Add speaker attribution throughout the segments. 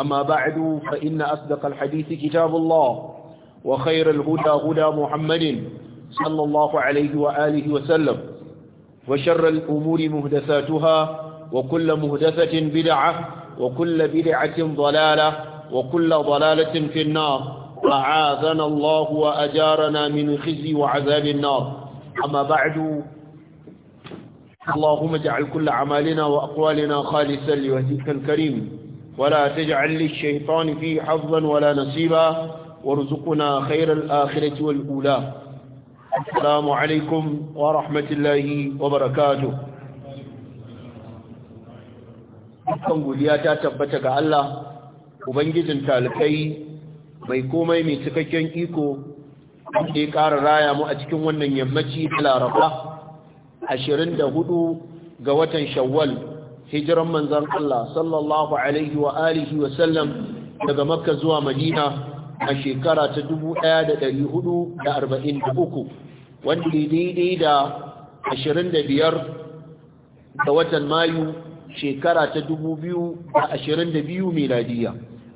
Speaker 1: أما بعد فإن أصدق الحديث كتاب الله وخير الهدى هدى محمد صلى الله عليه وآله وسلم وشر الأمور مهدثاتها وكل مهدثة بدعة وكل بدعة ضلالة وكل ضلالة في النار وعاذنا الله وأجارنا من خزي وعذاب النار أما بعد اللهم اجعل كل عمالنا وأقوالنا خالصا لوجهك الكريم ولا تجعل للشيطان فيه حظا ولا نصيبا وارزقنا خير الآخرة والأولى السلام عليكم ورحمة الله وبركاته dukkan godiya ta tabbata ga Allah ubangijin talikai mai komai mai cikakken iko ke ƙara raya mu a cikin wannan yammaci da laraba 24 ga watan shawwal hijiran manzan Allah sallallahu alaihi wa alihi wa sallam daga makka zuwa madina a shekara ta 1443 wanda daidai da 25 ga watan mayu shekara ta 2022 miladiya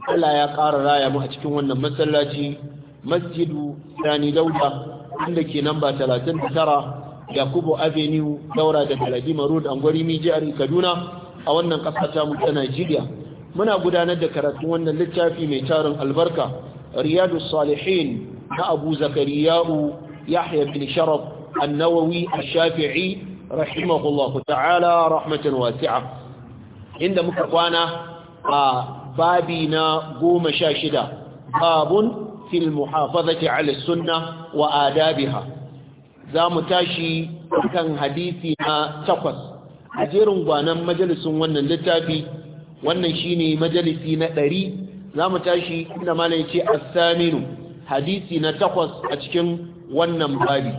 Speaker 1: Allah ya ƙara raya mu a cikin wannan masallaci masjidu sani dauda inda ke namba 39 yakubu avenue daura da galadima road angwari mijiyar kaduna a wannan ƙasa ta mu ta Najeriya muna gudanar da karatun wannan littafi mai tarin albarka Riyadu Salihin na Abu Zakariya'u Yahya bin Sharaf An-Nawawi Ash-Shafi'i rahimahullahu ta'ala rahmatan wasi'a inda muka kwana a babi na 16 babun fil muhafazati 'ala sunna wa adabiha zamu tashi kan hadisi na takwas. a jerin gwanan majalisun wannan littafi wannan shine majalisi na ɗari za mu tashi inda mala ya ce assaminu hadisi na takwas a cikin wannan babi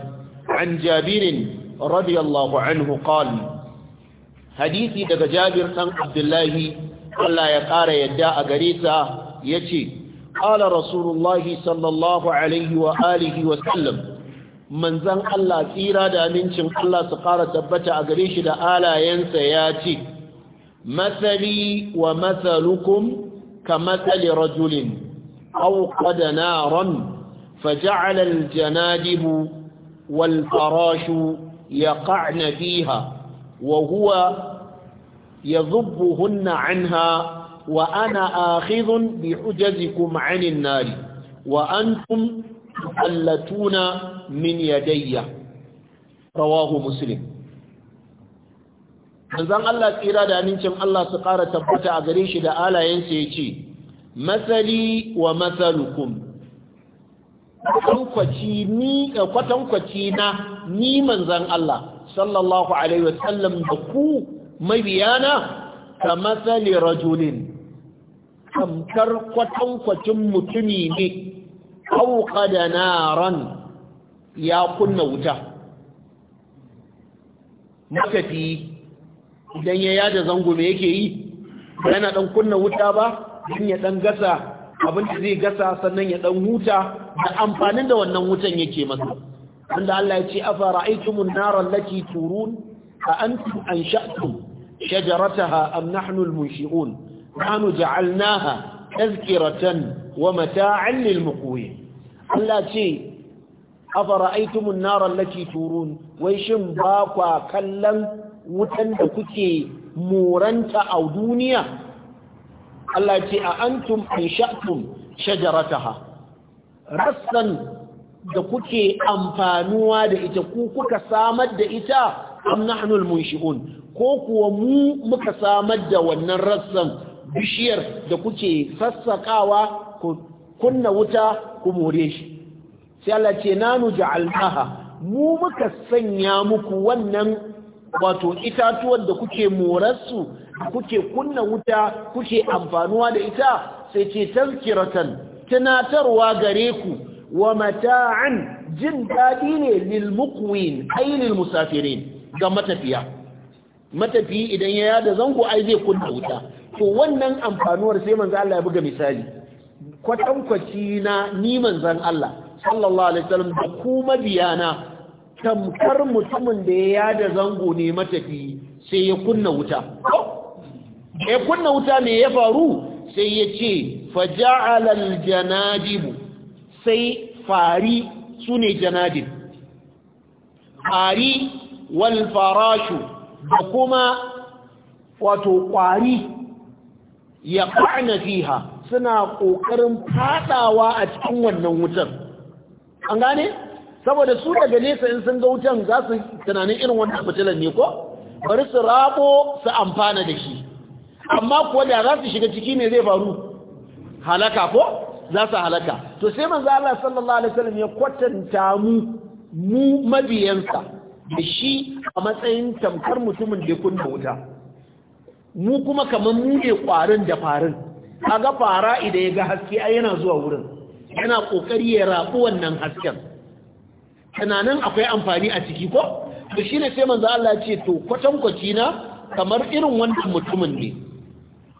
Speaker 1: an jabirin radiyallahu anhu qali hadisi daga jabir ɗan abdullahi Allah ya ƙara yadda a gare sa ya ce ƙala rasulullahi sallallahu alaihi wa alihi wa sallam manzan Allah tsira da amincin Allah su fara tabbata a gare shi da alayensa ya ce, Matsali wa masalukum ka matsali rajulin, auka da naron, faja'alar janadibu walfarashu ya ƙa'na fiha, wa huwa ya zubbu hunna anha wa ana akhidun bi hujjazikum 'anil nari wa antum tallatuna min yadayya rawahu muslim manzon Allah tsira da amincin Allah su ƙara tabbata a gare shi da alayensa ya ce matsali wa matsalukum kwatankwaci eh, na ni manzan Allah sallallahu alaihi wa sallam da ku mabiyana ka matsali rajulin tamkar kwatankwacin mutumi ne auka da naran ya kunna wuta matafi idan ya yada zango me yake yi yana dan kunna wuta ba don ya dan gasa abinda zai gasa sannan ya dan huta da amfanin da wannan wutan yake masa wanda Allah ya ce afara aitumun naran lati turun a antum ansha'tum shajarataha am nahnu almunshi'un nahnu ja'alnaha tazkiratan wa mata'an lil muqwin Allah ce afara'aytumun nara allati turun wai shin ba kwa kallon wutan da kuke moranta a duniya Allah ce a antum ansha'tum shajarataha rassan da kuke amfanuwa da ita ku kuka samar da ita am nahnul munshi'un ko kuwa mu muka samar da wannan rassan bishiyar da kuke sassakawa ku kunna wuta ku more shi sai Allah ce nanu ja'alnaha mu muka sanya muku wannan wato itatuwar da kuke morarsu kuke kunna wuta kuke amfanuwa da ita sai ce tazkiratan tunatarwa gare ku wa mata'an jin daɗi ne lil muqwin ay lil musafirin ga matafiya matafi idan ya yada zango ai zai kunna wuta to wannan amfanuwar sai manzo Allah ya buga misali kwatankwaci na ni manzon Allah sallallahu alaihi wasallam da ku mabiyana tamkar mutumin da ya yada zango ne matafi sai ya kunna wuta ya kunna wuta ne ya faru sai ya ce faja'ala aljanadibu sai fari sune janadib fari wal farashu da kuma wato kwari ya ƙa'na fiha suna ƙoƙarin fadawa a cikin wannan wutar an gane saboda su daga nesa in sun ga wutan za su tunanin irin wannan fitilan ne ko bari su rabo su amfana da shi amma kuwa da za su shiga ciki ne zai faru halaka ko za su halaka to sai manzo Allah sallallahu alaihi wasallam ya kwatanta mu mu mabiyansa da shi a matsayin tamkar mutumin da kunna wuta mu kuma kamar mu ne kwarin da farin kaga fara idan ya ga haske ai yana zuwa wurin yana ƙoƙari ya rabu wannan hasken tunanin akwai amfani a ciki ko to shine sai manzo Allah ya ce to kwatankwaci na kamar irin wannan mutumin ne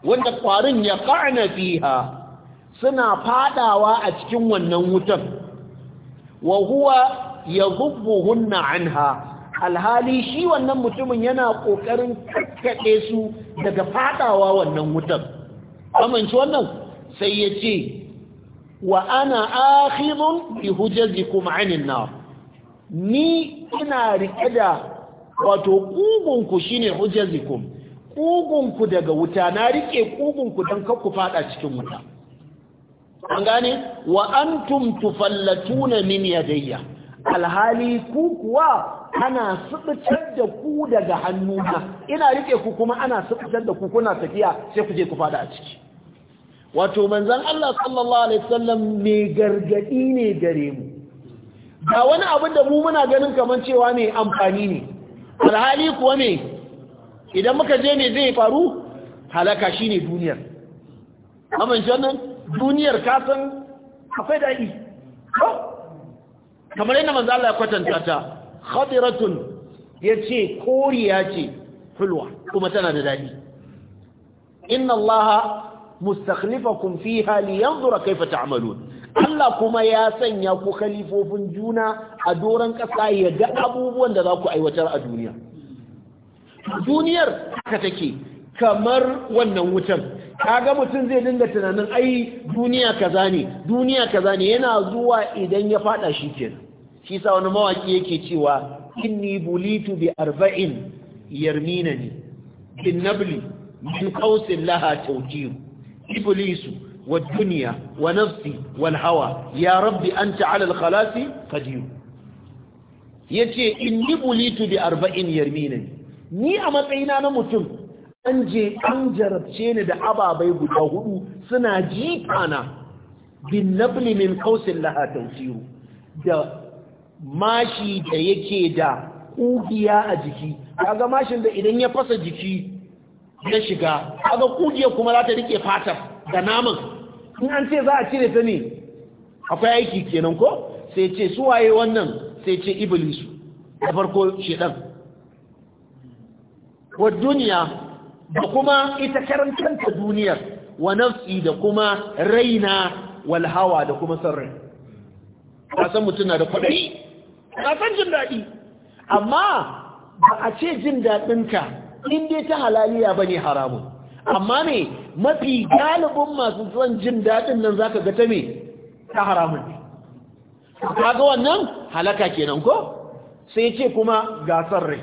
Speaker 1: wanda kwarin ya qa'na fiha suna fadawa a cikin wannan wutan wa huwa yadhubbuhunna anha alhali shi wannan mutumin yana kokarin kakkade su daga fadawa wannan wutan. amince wannan sai ya ce wa ana akhidun bi hujjazikum anin nar ni ina rike da wato kugunku shine hujjazikum ku daga wuta na rike ku dan ku fada cikin wuta an gane wa antum tufallatuna min yadayya alhali ku kuwa ana subutar da ku daga hannuna ina rike ku kuma ana subutar da ku kuna tafiya sai ku je ku fada a ciki wato manzon Allah sallallahu alaihi wasallam mai gargadi ne gare mu ba wani abin da mu muna ganin kamar cewa mai amfani ne alhali kuwa ne idan muka je ne zai faru halaka ne duniyar amince wannan duniyar kasan akwai daɗi kamar yadda manzo Allah ya kwatanta ta khadiratun yace koriya ce fulwa kuma tana da daɗi inna allaha mustakhlifakum fiha liyanzura kaifa ta'malun Allah kuma ya sanya ku khalifofin juna a doran ƙasa ya ga abubuwan da za ku aiwatar a duniya duniyar haka take kamar wannan wutar kaga mutum zai dinga tunanin ai duniya kaza ne duniya kaza ne yana zuwa idan ya fada shi kenan shi sa wani mawaki yake cewa inni bulitu bi arba'in yarmina ne. bin nabli min qausin laha tawjih iblisu wa duniya wa nafsi walhawa, ya rabbi anta ala al khalasi qadir yace inni bulitu bi arba'in yarminan ni a matsayina na mutum an je an jarabce ni da ababai guda hudu suna jifana bin nabli min kausin laha tausiru da mashi da yake da kugiya a jiki kaga mashin da idan ya fasa jiki ya shiga kaga kugiyar kuma za ta rike fatar da naman in an ce za a cire ta ne akwai aiki kenan ko sai ce su waye wannan sai ce iblis da farko shedan wa duniya da kuma ita karantanta duniyar wa nafsi da kuma raina wal hawa da kuma sarri ka san mutum na da kwaɗayi ka san jin daɗi amma ba a ce jin daɗinka in dai ta halaliya bane haramun amma ne mafi galibin masu son jin daɗin nan zaka ga ta me ta haramun ne ga wannan halaka kenan ko sai ce kuma gasar rai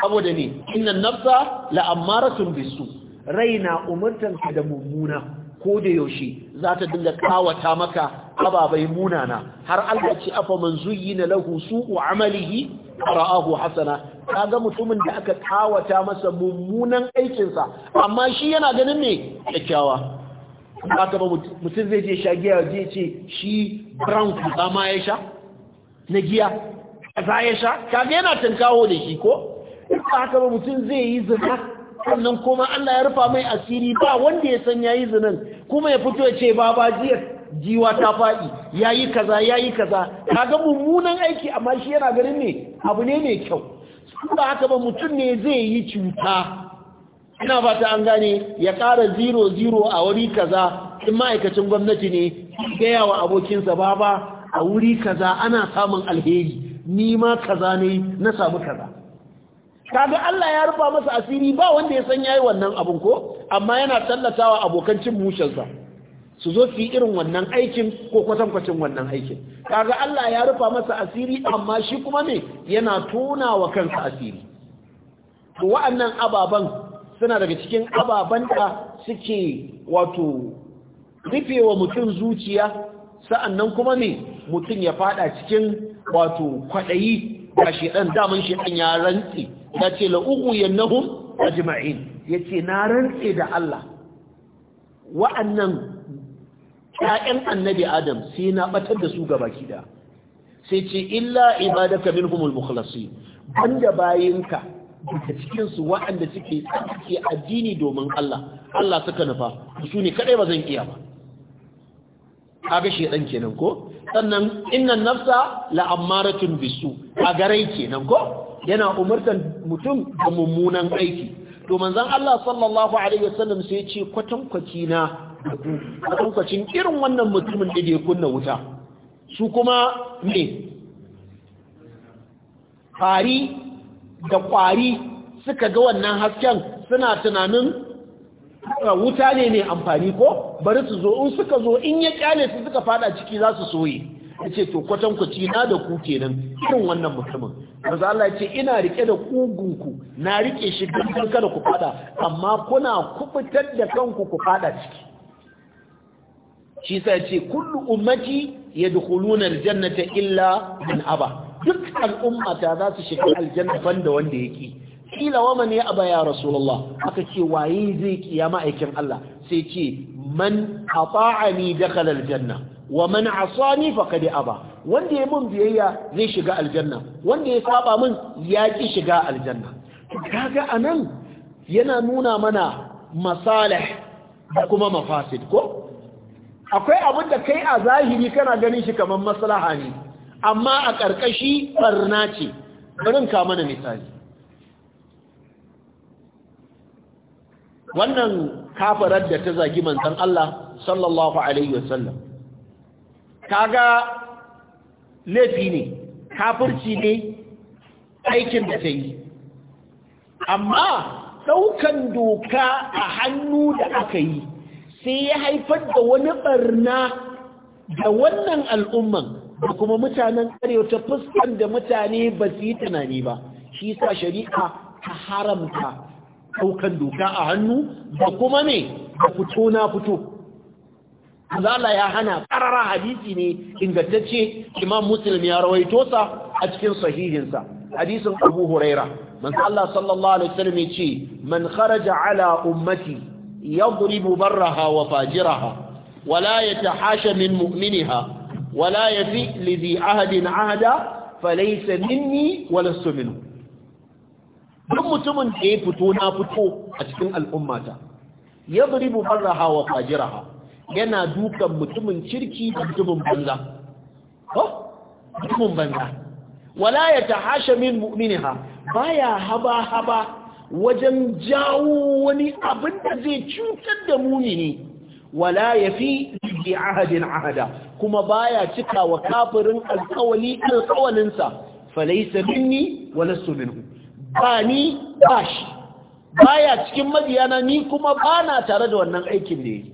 Speaker 1: saboda ne innan nafsa la'ammaratun bisu rai na ka da mummuna ko da yaushe za ta dinga kawata maka ababai munana har Allah ce afa man na lahu su'u amalihi Hassana hasana kaga mutumin da aka kawata masa mummunan aikinsa amma shi yana ganin ne kyakkyawa ka ba mutum zai je sha giya zai ce shi brown kuma ma ya sha na giya Za ya sha kaga yana tankawo da shi ko ka ba mutum zai yi zina sannan kuma Allah ya rufa mai asiri ba wanda ya san yayi zinan kuma ya fito ya ce ba jiya jiwa ta faɗi Ya yi kaza ya yi kaza ga mummunan aiki amma shi yana ganin ne abu ne mai kyau saboda haka ba mutum ne zai yi cuta ina fata an gane ya ƙara zero zero a wuri kaza in ma'aikacin gwamnati ne gaya wa abokinsa ba ba a wuri kaza ana samun alheri ni ma kaza ne na samu kaza kaga Allah ya rufa masa asiri ba wanda ya san yayi wannan abun ko amma yana tallatawa abokan cin mushensa su zo su yi irin wannan aikin ko kwatankwacin wannan aikin kaga Allah ya rufa masa asiri amma shi kuma ne yana tona wa kansa asiri to wa'annan ababan suna daga cikin ababan da suke wato rufe wa mutum zuciya sa'annan kuma ne mutum ya fada cikin wato kwaɗayi ga shedan daman shedan ya rantsi ya ce la'ugu yannahum ajma'in yace na rantse da Allah wa'annan ƴaƴan annabi adam sai na batar da su ga baki da sai ce illa ibadaka minhumul mukhlasin banda bayinka daga cikin su waɗanda suke tsarki addini domin Allah Allah suka nufa su ne kadai ba zan iya ba kaga shedan kenan ko sannan innan nafsa la'ammaratun bisu a garai kenan ko yana umurtan mutum ga mummunan aiki to manzon Allah sallallahu alaihi wasallam sai ce kwatankwaci na a lokacin irin wannan mutumin da ya kunna wuta su kuma ne fari da kwari suka ga wannan hasken suna tunanin wuta ne mai amfani ko bari su zo in suka zo in ya kyale su suka fada ciki za su soye ya ce to kwatankwaci na da ku kenan irin wannan mutumin Masallaci Allah ya ce ina rike da kugunku na rike shi don kada ku fada amma kuna kubutar da kanku ku fada ciki shi sa ce kullu ummati yadkhuluna aljannata illa man aba duk al'ummata za su shiga aljanna da wanda yake kila wa man ya aba ya rasulullah aka ce waye zai kiyama ma'aikin Allah sai ce man ata'ani dakhala aljanna wa man asani faqad aba wanda ya mun biyayya zai shiga aljanna wanda ya saba mun ya ki shiga aljanna kaga anan yana nuna mana masalih da kuma mafasid ko akwai abin da kai a zahiri kana ganin shi kamar maslaha ne amma a ƙarƙashi barna ce barin ka mana misali wannan kafarar da ta zagi manzon Allah sallallahu alaihi wasallam kaga laifi ne kafirci ne aikin da ta yi amma ɗaukan doka a hannu da aka yi sai ya haifar da wani barna da wannan al'umman da kuma mutanen karewa ta fuskan da mutane ba su yi tunani ba shi sa shari'a ta haramta ɗaukan doka a hannu da kuma ne da fito na fito azala ya hana ƙararra hadisi ne ingantacce imam muslim ya rawaito sa a cikin sahihinsa hadisin abu huraira man Allah sallallahu alaihi wasallam ya ce man kharaja ala ummati yadribu barraha wa fajiraha wala yatahasha min mu'miniha wala yafi li dhi ahadin ahada falaysa minni wala duk mutumin da ya fito na fito a cikin al'ummata yadribu barraha wa fajiraha yana dukan mutumin cirki da mutumin banza ko mutumin banza wala yatahasha min baya haba haba wajen jawo wani abin da zai cutar da mumini wala ya fi bi ahadin ahada kuma baya cika wa kafirin alkawali alkawalinsa falaysa minni wala minhu ba ni ba shi baya cikin madiyana ni kuma bana tare da wannan aikin da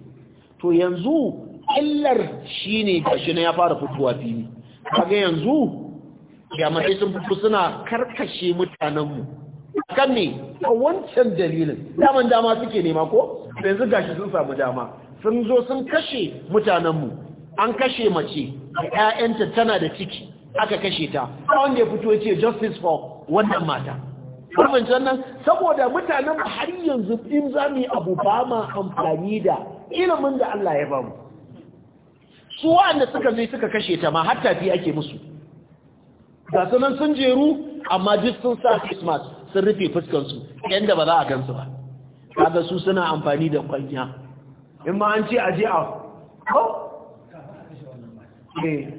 Speaker 1: to yanzu illar shine gashi na ya fara fitowa fili kaga yanzu jami'ai sun fito suna karkashe mutanenmu kan ne a wancan dalilin daman dama suke nema ko yanzu gashi sun samu dama sun zo sun kashe mutanenmu an kashe mace da 'ya'yanta tana da ciki aka kashe ta a wanda ya fito ce justice for wannan mata can nan saboda mutanen har yanzu in za mu yi abu ba ma amfani da ilimin da Allah ya bamu su wanda suka zai suka kashe ta ma har tafi ake musu ga sunan sun jeru amma duk sun sa face sun rufe fuskansu yadda ba za a gansu ba kaga su suna amfani da kwanya in ma an ce a je a ko? Eh.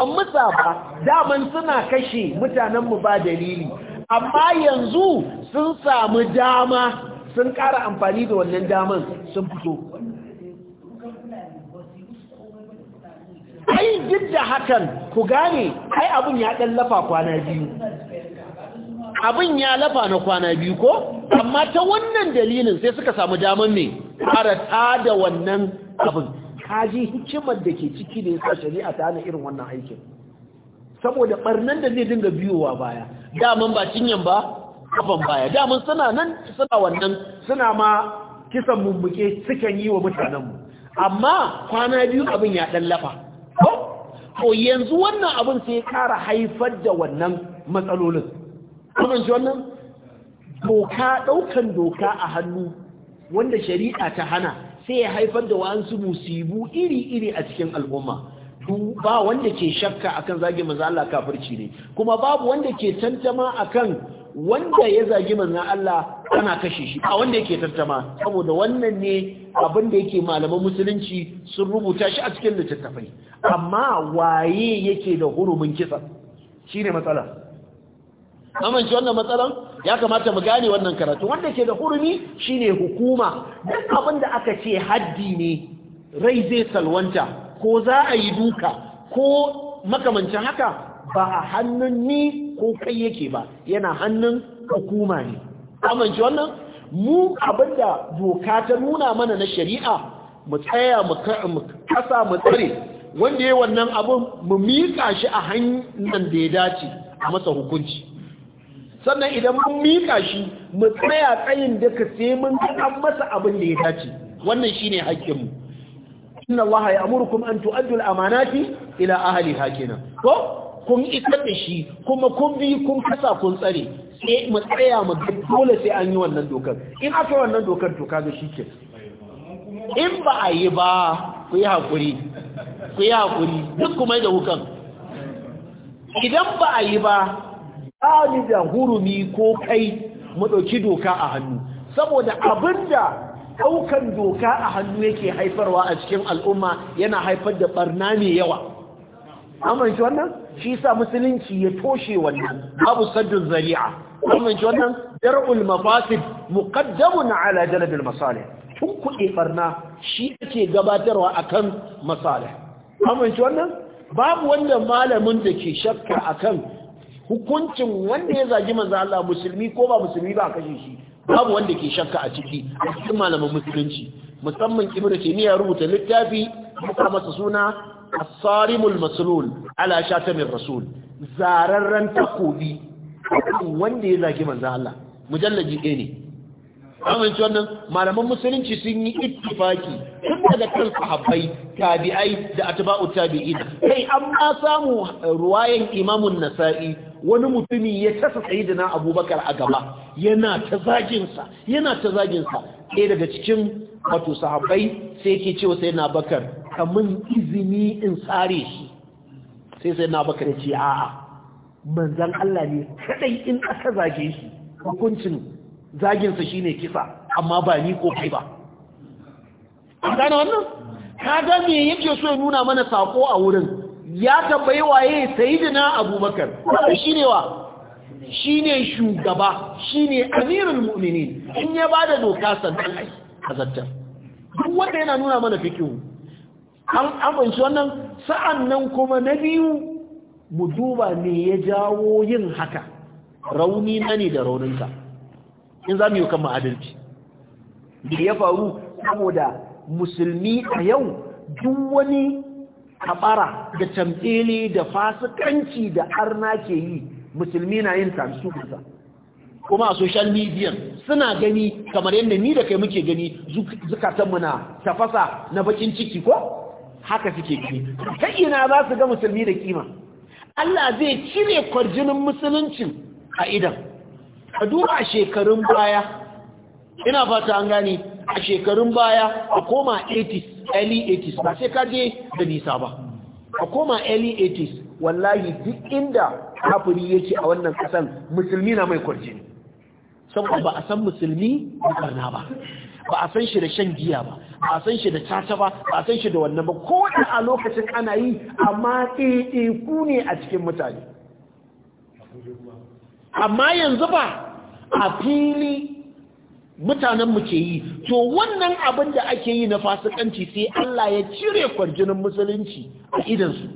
Speaker 1: an musa ba daman suna kashe mutanenmu ba dalili amma yanzu sun samu dama sun ƙara amfani da wannan daman sun fito ai duk da hakan ku gane ai abun ya ɗan lafa kwana biyu Abun ya lafa na kwana biyu ko amma ta wannan dalilin sai suka samu daman ne ta da wannan abin kaji hikimar da ke ciki da yasa shari'a ta hana irin wannan aikin saboda barnan da zai dinga biyowa baya daman ba cinyan ba kafan baya daman suna nan suna wannan suna ma kisan mummuke sukan yi wa mutanenmu amma kwana biyu abin ya ɗan lafa ko yanzu wannan abin sai ya kara haifar da wannan matsalolin kuma ji wannan doka daukan doka a hannu wanda shari'a ta hana sai ya haifar da wa'ansu musibu iri-iri a cikin al'umma ba wanda ke shakka akan zagi manzo Allah kafirci ne kuma babu wanda ke tantama akan wanda ya zagi manzo Allah kana kashe shi a wanda yake tantama saboda wannan ne abin da yake malaman musulunci sun rubuta shi a cikin littattafai amma waye yake da hurumin kisa Shi ne matsala amince wannan matsalan ya kamata mu gane wannan karatu wanda ke da hurumi shi ne hukuma duk abin da aka ce haddi ne rai zai salwanta ko za a yi duka ko makamancin haka ba a hannun ni ko kai yake ba yana hannun hukuma ne amince wannan mu abinda doka ta nuna mana na shari'a mu tsaya mu kasa mu tsare wanda ya wannan abin mu miƙa shi a hanyar da ya dace a masa hukunci sannan idan mun miƙa shi mu tsaya tsayin da ka sai mun an masa abin da ya dace wannan shi shine haƙƙinmu inna allaha amurkum an tu'addu al-amanati ila ahli hakina. ko kun isar da shi kuma kun bi kun kasa kun tsare sai mu tsaya mu dole sai an yi wannan dokar in aka wannan dokar to kaga shi ke in ba a yi ba ku yi hakuri ku yi haƙuri duk kuma da hukan idan ba a yi ba ba ni da hurumi ko kai mu ɗauki doka a hannu saboda abinda ɗaukan doka a hannu yake haifarwa a cikin al'umma yana haifar da barna mai yawa amince wannan shi sa musulunci ya toshe wannan babu saddun zari'a kuma ji wannan dar'ul mafasid muqaddamun ala jalbil masalih tun kuɗe barna shi yake gabatarwa akan masalih kuma ji wannan babu wanda malamin da ke shakka akan hukuncin wanda ya zagi manzo Allah musulmi ko ba musulmi ba kashe shi babu wanda ke shakka a ciki a cikin malaman musulunci musamman ibnu taymiya rubuta littafi muka masa suna as-sarimul maslul ala shatamir rasul zararran takobi wanda ya zagi manzan Allah mujallaji ɗaya ne amince wannan malaman musulunci sun yi ittifaki tun daga kan sahabbai tabi'ai da atba'u tabi'in kai an ma samu ruwayan imamun nasa'i wani mutumi ya tasa sayyidina abubakar a gaba yana ta zaginsa yana ta zaginsa ɗaya daga cikin wato sahabbai sai yake cewa sai na bakar kamun izini in tsare shi sai sai na bakar ce a'a manzan Allah ne kadai in aka zage shi hukuncin zaginsa shine kisa amma ba ni ko kai ba an gane wannan kaga me yake so ya nuna mana sako a wurin ya tambayi waye sayyidina abubakar shine wa shine shugaba shine amirul mu'minin in ya bada doka sannan ai azattar duk wanda yana nuna mana fikihu
Speaker 2: an amince
Speaker 1: wannan sa'annan kuma na biyu mu duba me ya jawo yin haka rauni na ne da rauninka in za mu yi kan ma'adalci da ya faru saboda musulmi a yau duk wani kabara da tamtsili da fasikanci da arna ke yi musulmi na yin tamsu kusa kuma a social media suna gani kamar yadda ni da kai muke gani zukatanmu na tafasa na bakin ciki ko haka suke gani ta ina za su ga musulmi da kima Allah zai cire kwarjinin musuluncin a idan a duba shekarun baya ina fata an gani a shekarun baya a koma 80s early 80s ba sai kaje da nisa ba a koma early 80s wallahi duk inda ya yake a wannan kasan musulmi na mai kwarjini saboda ba a san musulmi da karna ba ba a san shi da shan giya ba ba a san shi da caca ba ba a san shi da wannan ba ko da a lokacin ana yi amma ku ne a cikin mutane amma yanzu ba a fili mutanen mu ke yi to wannan abin da ake yi na fasikanci sai Allah ya cire kwarjinin musulunci a idansu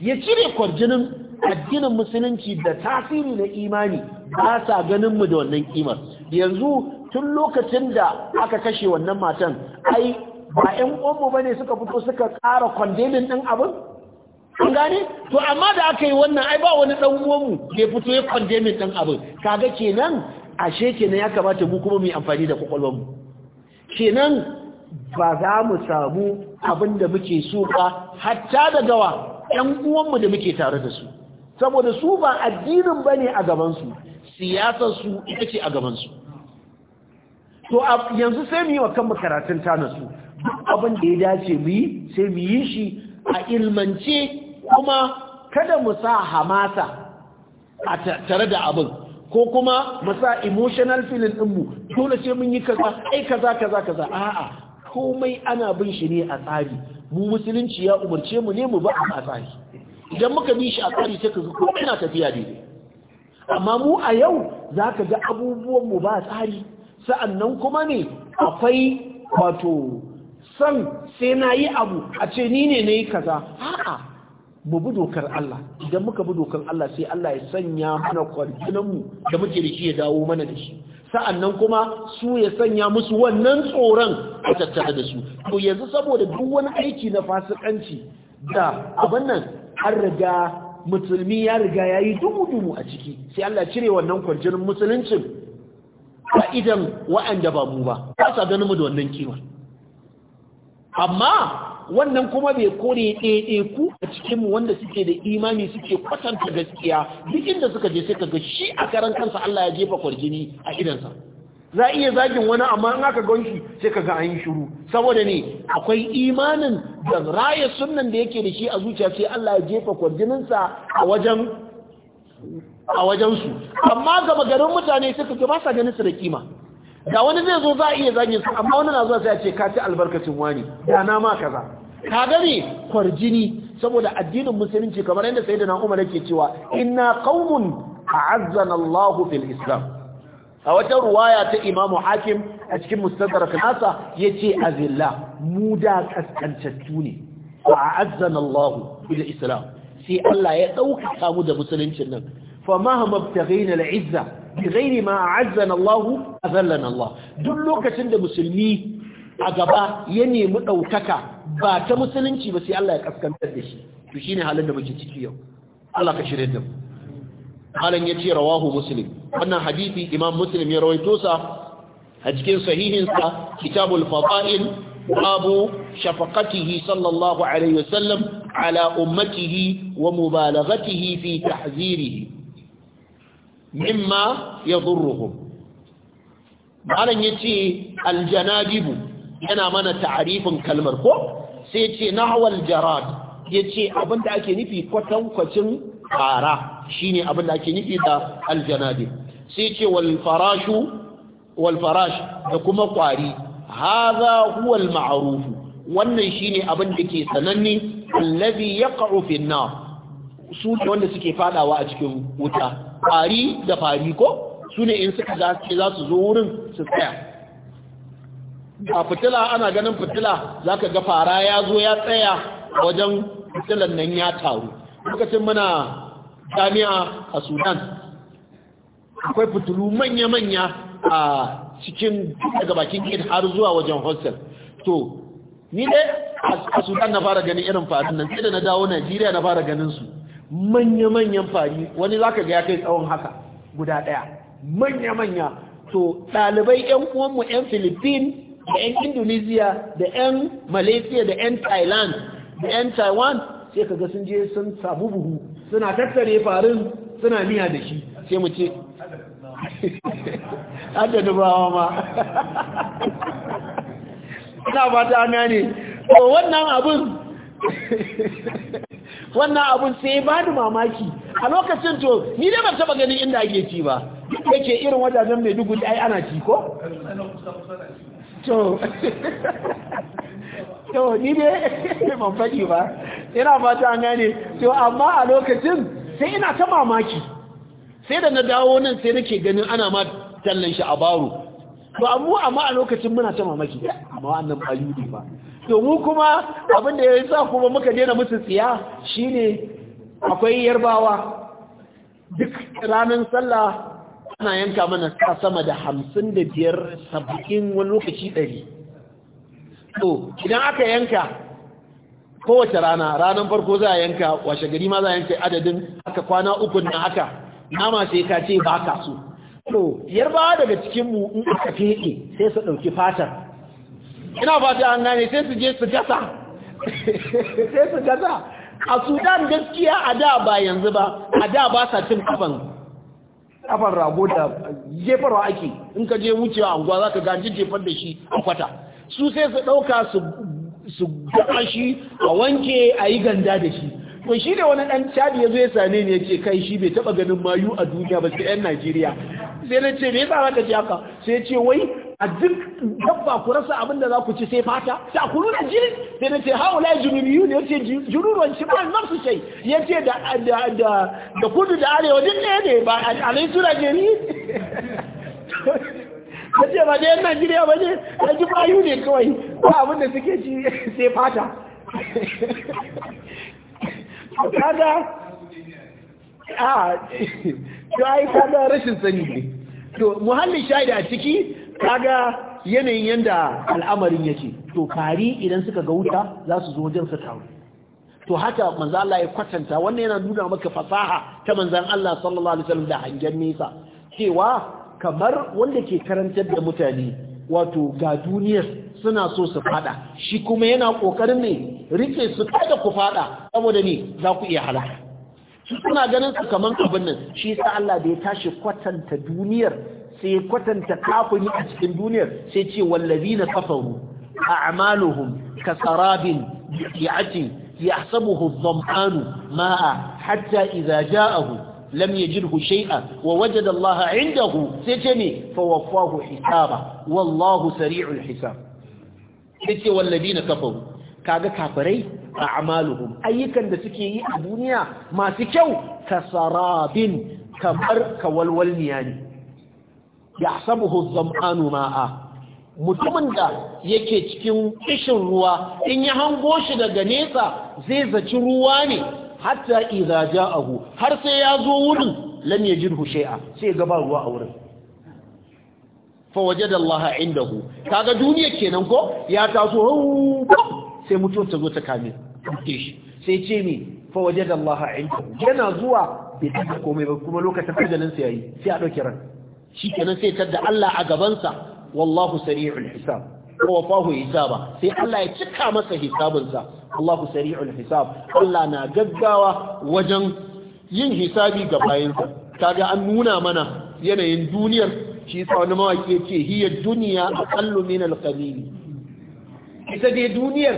Speaker 1: ya cire kwarjinin addinin musulunci da tasiri na imani ba sa ganin mu da wannan kimar yanzu tun lokacin da aka kashe wannan matan ai ba 'yan uwanmu ba ne suka fito suka ƙara kwandemin ɗin abin an gane to amma da aka yi wannan ai ba wani ɗan da ya fito ya kwandemin ɗin abin kaga kenan ashe kenan ya kamata mu kuma mu yi amfani da kwakwalwarmu kenan ba za mu samu abin da muke so ba hatta da gawa 'yan uwanmu da muke tare da su saboda su ba addinin ba ne a gabansu siyasarsu ita ce a gabansu to yanzu sai mu yi wa kanmu karatun ta su duk abin da ya dace mu yi sai mu yi shi a ilmance kuma kada mu sa hamasa a tare da abin ko kuma mu sa emotional feeling ɗinmu dole sai mun yi kaza ai kaza kaza kaza a'a komai ana bin shi ne a tsari mu musulunci ya umarce mu ne mu ba a tsari idan muka bi shi a tsari sai ka ga ko ina tafiya daidai amma mu a yau za ka ga abubuwan mu ba tsari sa'annan kuma ne akwai wato san sai na yi abu a ce ni ne na yi kaza Ha'a mu bu dokar Allah idan muka bi dokar Allah sai Allah ya sanya mana kwarginanmu da muke da shi ya dawo mana da shi sa'annan kuma su ya sanya musu wannan tsoron a tattare da su to yanzu saboda duk wani aiki na fasikanci da abin nan an riga musulmi ya riga ya yi dumu-dumu a ciki sai Allah cire wannan kwarjinin musuluncin a idan wa'anda ba mu ba ba sa ganin mu da wannan kiwon. amma wannan kuma bai kore ɗaiɗe ku a cikinmu wanda suke da imani suke kwatanta gaskiya duk inda suka je sai kaga shi a karan kansa Allah ya jefa kwarjini a idansa za iya zagin wani amma in aka ganshi sai kaga an yi shiru saboda ne akwai imanin da raya sunan da yake da shi a zuciya sai Allah ya jefa kwarjininsa a wajen a wajensu amma ga garin mutane suka ce ba sa ganin su da kima da wani zai zo za a iya zagin su amma wani na zuwa sai a ce ka ci albarkacin wani da na ma kaza ka gane kwarjini saboda addinin musulunci kamar yadda sayyidina Umar yake cewa inna qaumun a'azzana Allah fil islam a wata ruwaya ta Imam Hakim a cikin mustadrak nasa yace azilla mu da kaskantattu ne wa a'azzana Allah fil islam sai Allah ya dauka mu da musuluncin nan فمهما ابتغينا العزة بغير ما أعزنا الله أذلنا الله دلوك سند مسلمي أقبا يني مؤوكك باك مسلمتي بس الله يكفكم تدشي تشيني هالا نمجي تكيو الله كشرين دم هالا يتي رواه مسلم وانا حديثي إمام مسلم يروي توسا هجكين صحيحنسا كتاب الفضائل باب شفقته صلى الله عليه وسلم على أمته ومبالغته في تحذيره
Speaker 2: mimma
Speaker 1: yadurruhum malam yace aljanabibu yana mana ta'arifin kalmar ko sai yace nahwal jarad yace abinda ake nufi kwatankwacin fara shine abinda ake nufi da aljanabib sai ce wal farash da kuma kwari hadha huwa al wannan shine abin da ke sananni allazi ya fi an-nar su wanda suke fadawa a cikin wuta fari da fari ko su ne in suka dace za su zo wurin su tsaya a fitila ana ganin fitila za ka ga fara ya zo ya tsaya wajen fitilan nan ya taru lokacin mana jami'a a sudan akwai fitilu manya-manya a cikin daga bakin gid har zuwa wajen hostel to ni dai a sudan na fara ganin irin farin nan sai da na dawo najeriya na fara ganin su manya-manyan fari wani za ka ga ya kai tsawon haka guda ɗaya manya-manya to ɗalibai 'yan uwanmu 'yan philippine da 'yan indonesia da 'yan malaysia da 'yan thailand da 'yan taiwan sai ka ga sun je sun samu buhu suna tattare farin suna miya da shi sai mu ce hada dubawa ma ina ba ta ne wannan abin wannan abun sai ba ni mamaki a lokacin to ni dai ban taba ganin inda ake ci ba yake irin wajajen mai dugu ai ana ci ko to to ni dai ban faɗi ba ina fata an gane to amma a lokacin sai ina ta mamaki sai da na dawo nan sai nake ganin ana ma tallan shi a baro to amma amma a lokacin muna ta mamaki amma wannan ba yudi ba to mu kuma abin da ya yi sa kuma muka daina musu tsiya shine akwai yarbawa duk ranar sallah ana yanka mana ta sama da hamsin da biyar sabbin wani lokaci ɗari to idan aka yanka kowace rana ranar farko za a yanka washe gari ma za a yanka adadin aka kwana uku na haka nama sai ka ce ba ka so to yarbawa daga cikinmu in aka fiye sai su ɗauki fatar ina fata an gane sai su je su gasa sai su gasa a sudan gaskiya a da ba yanzu ba a da ba sa cin kafan kafan rago da jefarwa ake in ka je wucewa anguwa za ka gaji jefar da shi a kwata su sai su ɗauka su gaba shi a wanke a yi ganda da shi to shi da wani ɗan cadi ya ya sane ni ya ce kai shi bai taɓa ganin mayu a duniya ba sai 'yan najeriya sai na ce me yasa ka ce haka sai ce wai a duk dabba ku rasa abin da za ku ci sai fata a ku nuna jini sai na ce haula junubiyu ne yace jururuwan shi ba nafsu shai yace da da da da kudu da arewa duk ɗaya ne ba a nan sura gari yace ba da yan Najeriya ba ne a ji bayu ne kawai ba abin da suke ci sai fata kaga a to ai kada rashin sani ne to muhallin shaida a ciki kaga yanayin yanda al'amarin yake to fari idan suka ga wuta za su zo wajen su taru to haka manzo Allah ya kwatanta wannan yana nuna maka fasaha ta manzon Allah sallallahu alaihi wasallam da hangen nesa cewa kamar wanda ke karantar da mutane wato ga duniyar suna so su fada shi kuma yana kokarin ne rike su kada ku fada saboda ne za ku iya halaka suna ganin su kaman abin nan shi sa Allah da ya tashi kwatanta duniyar sai kwatanta kafin a cikin duniyar sai ce na kafaru a'maluhum kasarabin ya yahsabuhu dhamanu ma'a hatta iza ja'ahu lam yajidhu shay'a wa wajada Allah 'indahu sai ce ne fa waffahu hisaba wallahu sari'ul hisab sai ce wallazina kafaru kaga kafirai a'maluhum ayyukan da suke yi a duniya masu kyau kasarabin kamar kawalwalniya ne Ya yahsabuhu zam'anu ma'a mutumin da yake cikin kishin ruwa in ya hango shi daga nesa zai zaci ruwa ne hatta idza ja'ahu har sai ya zo wurin lam yajidhu shay'a sai ga ba ruwa a wurin fa wajada Allah indahu kaga duniya kenan ko ya taso sai mutum ta zo ta kame shi sai ce ni fa wajada Allah indahu yana zuwa bai tafi komai ba kuma lokacin ajalin sa yayi sai a ɗauki ran shi kenan sai tadda Allah a gabansa wallahu sari'ul hisab ko wafahu hisaba sai Allah ya cika masa hisabinsa wallahu sari'ul hisab Allah na gaggawa wajen yin hisabi ga bayansa kaga an nuna mana yanayin duniyar shi yasa wani mawaki yace hiya dunya aqallu min al ita dai duniyar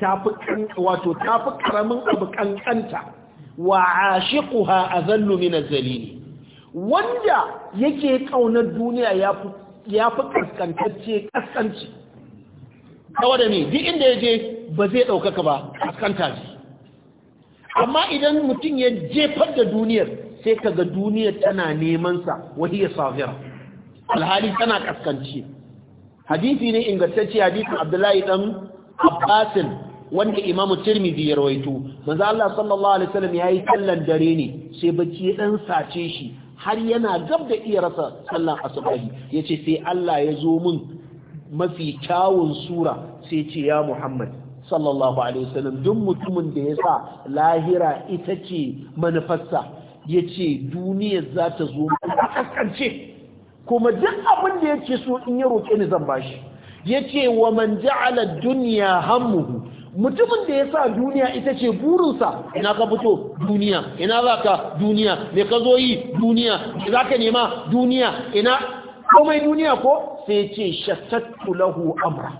Speaker 1: tafi wato tafi karamin abu kankanta wa ashiquha azallu min az wanda yake kaunar duniya ya fi kaskantacce kaskanci kawo da ne duk inda ya je ba zai ɗaukaka ba kaskanta ji. amma idan mutum ya jefar da duniyar sai ka ga duniyar tana nemansa ya safira alhali tana kaskanci hadisi ne ingantacce hadisin abdullahi dan abbasin wanda imamu tirmidhi ya rawaito manzo Allah sallallahu alaihi wasallam yayi kallon dare ne sai bacci ya dan sace shi har yana gab da iya rasa sallan asubahi yace sai Allah ya zo mun mafi kyawun sura sai ce ya Muhammad sallallahu alaihi wasallam duk mutumin da ya sa lahira ita ce manufarsa yace duniyar za ta zo kaskance kuma duk abin da yake so in ya roƙe ni zan bashi yace wa man ja'ala dunya hammuhu mutumin da ya sa duniya ita ce burusa, ina ka fito duniya ina za ka duniya me ka zo yi duniya za ka nema duniya ina komai duniya ko sai ce shattattu lahu amra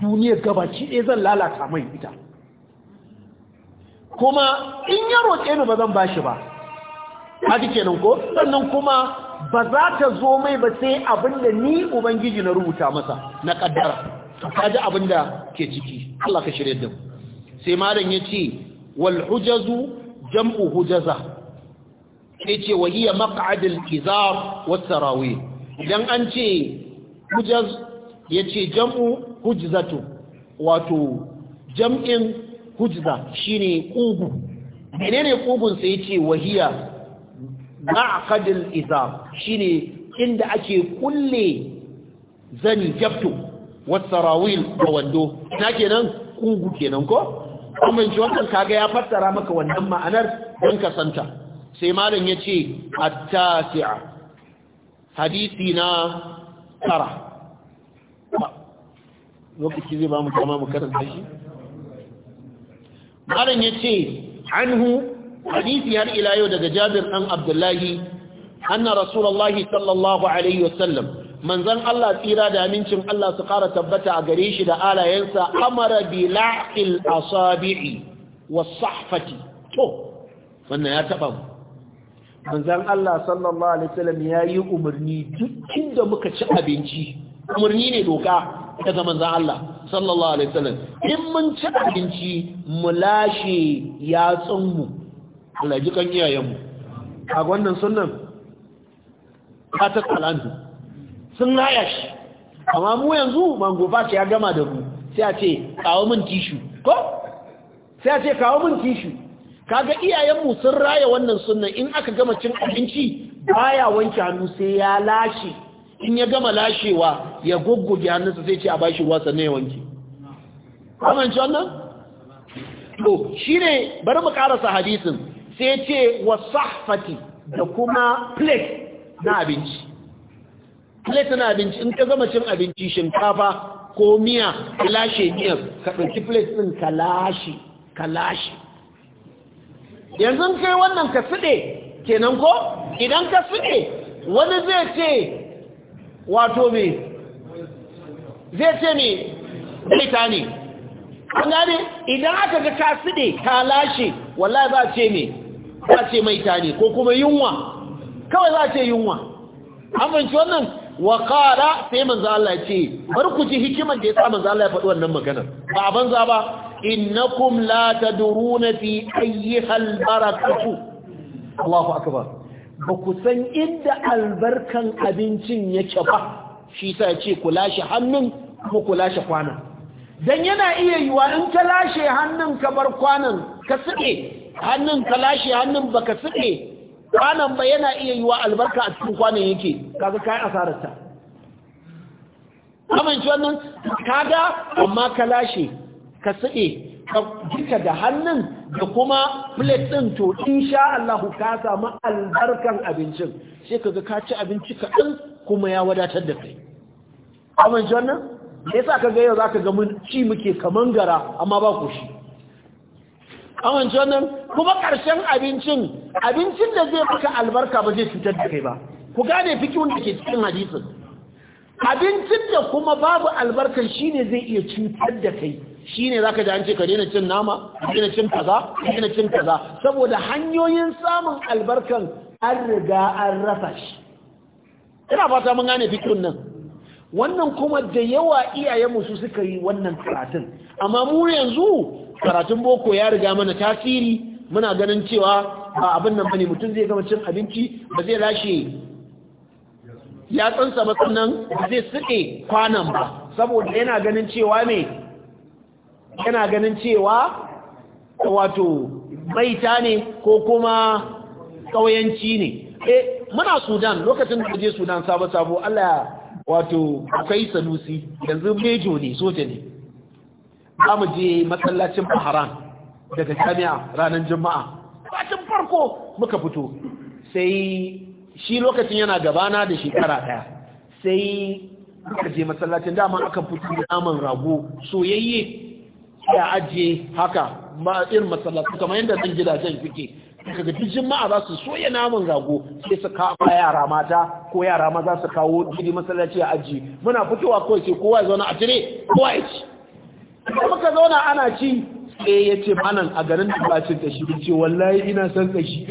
Speaker 1: duniyar gabaci ɗaya zan lalata mai ita kuma in ya roƙe ni ba zan bashi ba a haji kenan ko sannan kuma ba za ta zo mai ba sai abin da ni ubangiji na rubuta masa na ƙaddara ka kaji abin da ke ciki Allah ka shirye da sai malam yace wal hujazu jam'u hujaza ce wa hiya maq'ad al izar was sarawi idan an ce hujaz yace jam'u hujzatu wato jam'in hujza shine kugu menene kugun sai yace wa hiya maq'ad al izar shine inda ake kulle zani jabtu wasarawil da wando na kenan kugu kenan ko amma shi wannan kaga ya fassara maka wannan ma'anar don ka santa sai malam yace at-tasi'a hadisi na tara lokaci zai ba mu kama mu karanta shi malam yace anhu hadisi har ila yau daga Jabir dan Abdullahi anna rasulullahi sallallahu alaihi wasallam Manzan Allah tsira da amincin Allah su ƙara tabbata a gare shi da alayensa amara bi la'il asabi'i wa sahfati to wannan ya taba mu Manzan Allah sallallahu alaihi wasallam yi umarni duk da muka ci abinci umarni ne doka daga manzan Allah sallallahu alaihi wasallam in mun ci abinci mu lashe yatsun mu Allah ji kan iyayen mu a wannan sunnan ta ta kalantu sun raya shi amma mu yanzu mango fashi ya gama da mu sai a ce kawo min tishu ko sai a ce kawo min tishu kaga iyayenmu sun raya wannan sunnan in aka gama cin abinci baya wanke hannu sai ya lashe in ya gama lashewa ya gugguge hannunsa sai ce a bashi ruwa sannan ya wanke amince wannan to shine bari mu karasa hadisin sai ce wasahfati da kuma plate na abinci plate na abinci in ka zama cin abinci shinkafa ko miya ka lashe miyar ka ɗauki plate ɗin ka lashe ka lashe yanzu kai wannan ka fiɗe kenan ko idan ka fiɗe wani zai ce wato me zai ce me daita ne an gane idan aka ga ka fiɗe ka lashe wallahi za a ce me za a ce maita ne ko kuma yunwa kawai za a ce yunwa amince wannan wa qala sai manzo Allah ce bar ku ji hikimar da sa manzo Allah ya faɗi wannan maganar ba banza ba innakum la tadruna fi hal barakatu Allahu akbar ba ku san inda albarkan abincin yake ba shi sa ya ce ku lashe hannun ko ku lashe kwanan dan yana iya yiwa in ka lashe hannun ka bar kwanan ka sike hannun ka lashe hannun baka sike kwanan ba yana iya yi wa albarka a cikin kwanan yake kaga kai asararta ta amince wannan kaga amma ka lashe ka sade ka jika da hannun da kuma plate din to in sha Allah ka samu albarkan abincin sai kaga ka ci abinci kaɗan kuma ya wadatar da kai amince wannan yasa kaga yau zaka ga mun ci muke kaman gara amma ba ku shi an wannan kuma ƙarshen abincin abincin da zai maka albarka ba zai cutar da kai ba ku gane fikihun da ke cikin hadisin abincin da kuma babu albarkar shine zai iya cutar da kai shine zaka ji an ce ka daina cin nama ka daina cin kaza ka daina cin kaza saboda hanyoyin samun albarkan an riga an rasa shi ina fata mun gane fikin nan wannan kuma da yawa iyayenmu su suka yi wannan karatun amma mu yanzu karatun boko ya riga mana tasiri muna ganin cewa ba abin nan bane mutum zai gama cin abinci ba zai lashe ya tsansa ba sannan zai suke kwanan ba saboda yana ganin cewa ne yana ganin cewa wato baita ne ko kuma ƙauyanci ne E muna sudan lokacin da je sudan sabo sabo Allah wato akwai sanusi yanzu mejo ne soja ne za mu je masallacin maharan daga jami'a ranar juma'a bacin farko muka fito sai shi lokacin yana gabana da shekara daya sai muka je masallacin dama aka fito da rago soyayye ya ajiye haka ba irin masallaci kamar yadda zan gidajen fike daga gajin juma'a za su soya naman rago sai su kawo yara mata ko yara maza su kawo gidi masallaci a aji muna fitowa kawai ce kowa ya zauna a tire kowa ya ci da muka zauna ana ci sai ya ce manan a garin da ba cin kashi ya ce wallahi ina son kashi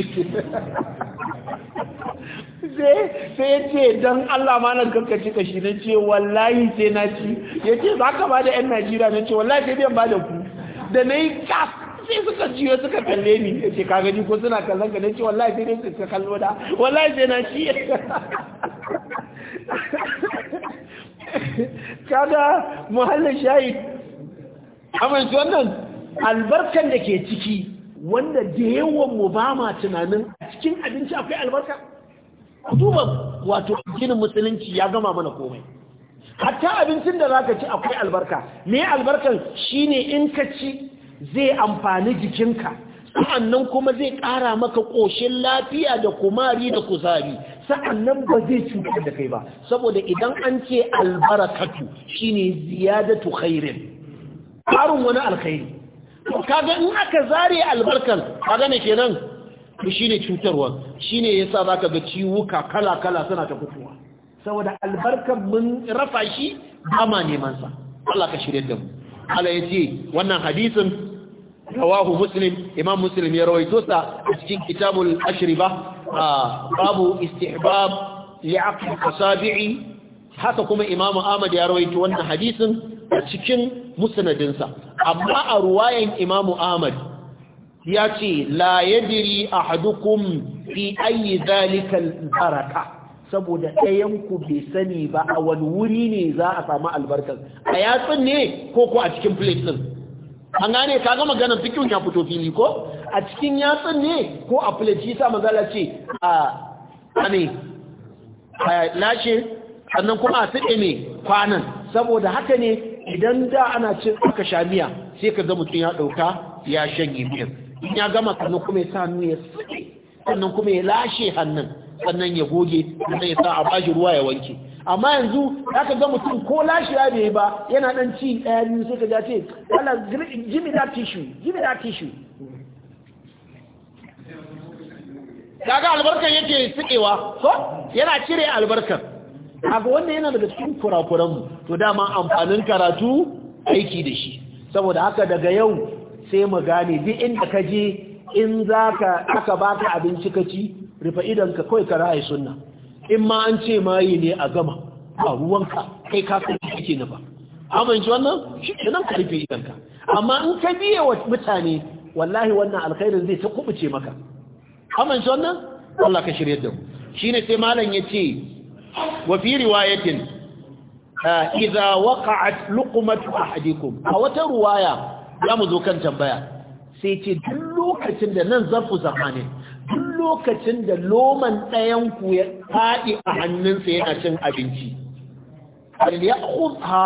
Speaker 1: sai ya ce don Allah manan karkaci kashi na ce wallahi sai na ci ya ce za ka ba da 'yan Najeriya na ce wallahi sai biyan ba da ku da na yi kas sai suka jiyo suka kalle ni ya ce kagaji ko suna kallon ka na ce wallahi sai dai suka kallo da wallahi sai na ci kaga muhallin shahid amince wannan albarkar da ke ciki wanda da yawan mu ba ma tunanin a cikin abinci akwai albarka ku duba wato ginin musulunci ya gama mana komai hatta abincin da zaka ci akwai albarka me albarkan shine in ka ci zai amfani jikinka sa'annan kuma zai ƙara maka ƙoshin lafiya da kumari da kuzari sa'annan ba zai cutar da kai ba saboda idan an ce albarakatu shine ziyadatu khairin ƙarin wani alkhairi kaga in aka zare albarkan kaga ne kenan shi ne cutarwa shi ne yasa za ka ga ciwuka kala-kala suna ta fitowa saboda albarkan mun rafa shi neman sa. Allah ka shirya da mu Allah ya wannan hadisin rawahu muslim imam muslim ya rawaito sa a cikin kitabul ashriba babu istihbab li'aqli asabi'i haka kuma imam ahmad ya rawaito wannan hadisin a cikin musnadinsa amma a ruwayan imamu ahmad ya ce la yadiri hadukun fi ayi zalikal tsaraka.' saboda ɗayanku bai sani ba a wani wuri ne za a samu albarkar a yatsun ne ko ko a cikin filistin ɗin an gane ka gama ganin fikin ya fito fili ko a cikin yatsun ne ko a plate shi sa mazala ce a ne a lashe sannan kuma a siɗe ne kwanan saboda haka ne idan da ana cin aka sha miya sai ka ga mutum ya ɗauka ya shanye miyan in ya gama sannan kuma ya sa hannu ya sike sannan kuma ya lashe hannun sannan ya goge sannan ya sa a bashi ruwa ya wanke amma yanzu ka ga mutum ko lashe ya bai ba yana dan ci ɗaya biyu sai ka ga ce wala jimmy that tishu. Da that tissue kaga albarkar yake sikewa ko yana cire albarkar haka wanda yana daga cikin kurakuranmu to dama amfanin karatu aiki da shi saboda haka daga yau sai mu gane duk inda ka je in za ka aka baka abinci ka ci rufe idanka kawai ka ra'ayi sunna in ma an ce mayi ne a gama a ruwanka kai ka san kake na ba amince wannan shi nan ka rufe idanka amma in ka biye wa mutane wallahi wannan alkhairin zai ta kubuce maka amince wannan Allah ka shirye da mu shine sai malam yace وفي رواية a وقعت A wata ruwaya. Ya لا zo kan tambaya. Sai ce duk lokacin da loman ɗayanku ya faɗi a hannunsa yana cin abinci. Al ya kuka